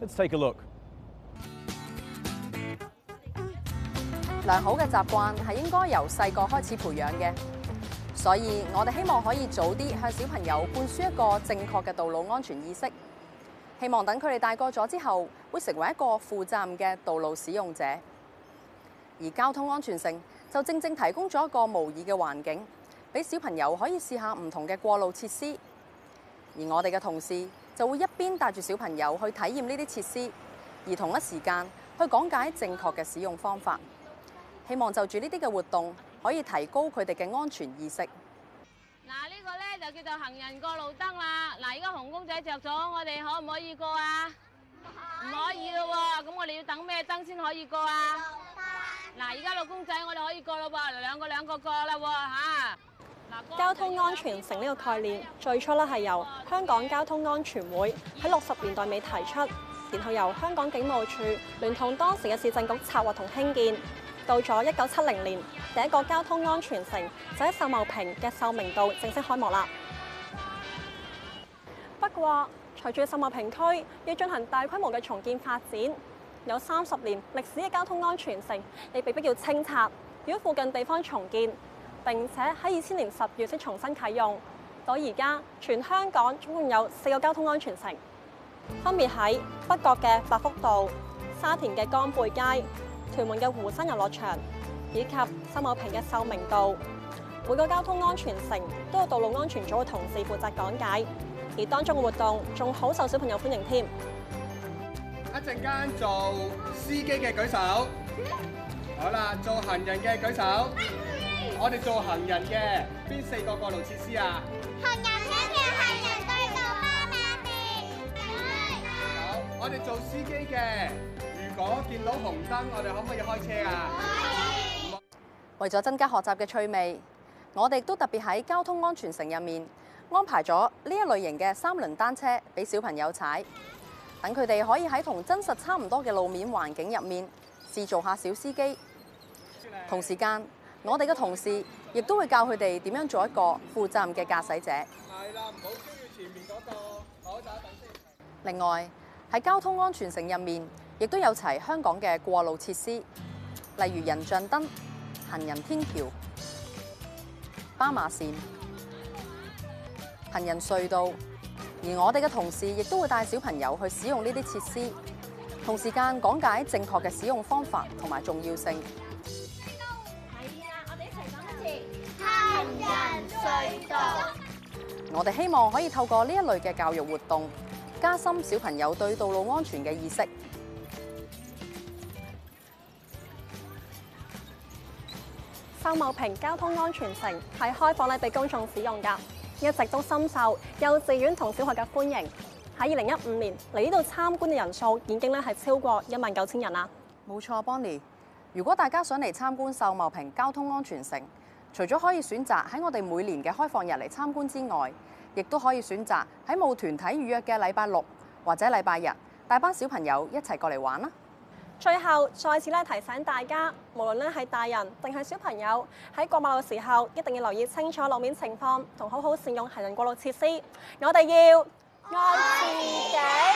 Let's take a look。良好嘅習慣係應該由細個開始培養嘅，所以我哋希望可以早啲向小朋友灌輸一個正確嘅道路安全意識，希望等佢哋大個咗之後，會成為一個負責任嘅道路使用者。而交通安全性，就正正提供咗一個模擬嘅環境，俾小朋友可以試下唔同嘅過路設施。而我哋嘅同事，就會一邊帶住小朋友去體驗呢啲設施，而同一時間去講解正確嘅使用方法，希望就住呢啲嘅活動可以提高佢哋嘅安全意識。嗱、這個，呢個咧就叫做行人過路燈啦。嗱，而家紅公仔着咗，我哋可唔可以過啊？唔可以咯喎，咁我哋要等咩燈先可以過啊？嗱，而家綠公仔，我哋可以過咯噃，兩個兩個過啦喎，吓。交通安全城呢個概念最初咧係由香港交通安全會喺六十年代尾提出，然後由香港警務處聯同當時嘅市政局策劃同興建。到咗一九七零年，第一個交通安全城就喺秀茂坪嘅秀明道正式開幕啦。不過隨住秀茂坪區要進行大規模嘅重建發展，有三十年歷史嘅交通安全城亦被逼要清拆，如果附近地方重建。並且喺二千年十月先重新啟用。到而家，全香港總共有四個交通安全城，分別喺北角嘅百福道、沙田嘅江背街、屯門嘅湖山遊樂場，以及秀茂坪嘅秀明道。每個交通安全城都有道路安全組嘅同事負責講解，而當中嘅活動仲好受小朋友歡迎添。一陣間做司機嘅舉手，好啦，做行人嘅舉手。我哋做行人嘅，邊四個過路設施啊？行人天橋、行人對講機、人行道。好，我哋做司機嘅，如果見到紅燈，我哋可唔可以開車啊？可以。為咗增加學習嘅趣味，我哋都特別喺交通安全城入面安排咗呢一類型嘅三輪單車俾小朋友踩，等佢哋可以喺同真實差唔多嘅路面環境入面試做一下小司機，同時間。我哋嘅同事亦都會教佢哋點樣做一個負責任嘅駕駛者。係啦，唔好超越前面嗰個，我等一等先。另外，喺交通安全城入面，亦都有齊香港嘅過路設施，例如人像燈、行人天橋、斑馬線、行人隧道。而我哋嘅同事亦都會帶小朋友去使用呢啲設施，同時間講解正確嘅使用方法同埋重要性。人,人我哋希望可以透過呢一類嘅教育活動，加深小朋友對道路安全嘅意識、嗯。秀茂坪交通安全城係開放咧，俾公眾使用噶，一直都深受幼稚園同小學嘅歡迎。喺二零一五年嚟呢度參觀嘅人數已經咧係超過一萬九千人啦。冇錯，Bonnie。如果大家想嚟參觀秀茂坪交通安全城，除咗可以選擇喺我哋每年嘅開放日嚟參觀之外，亦都可以選擇喺冇團體預約嘅禮拜六或者禮拜日，帶班小朋友一齊過嚟玩啦。最後再次咧提醒大家，無論咧係大人定係小朋友喺過馬路嘅時候，一定要留意清楚路面情況，同好好善用行人過路設施。我哋要愛自己。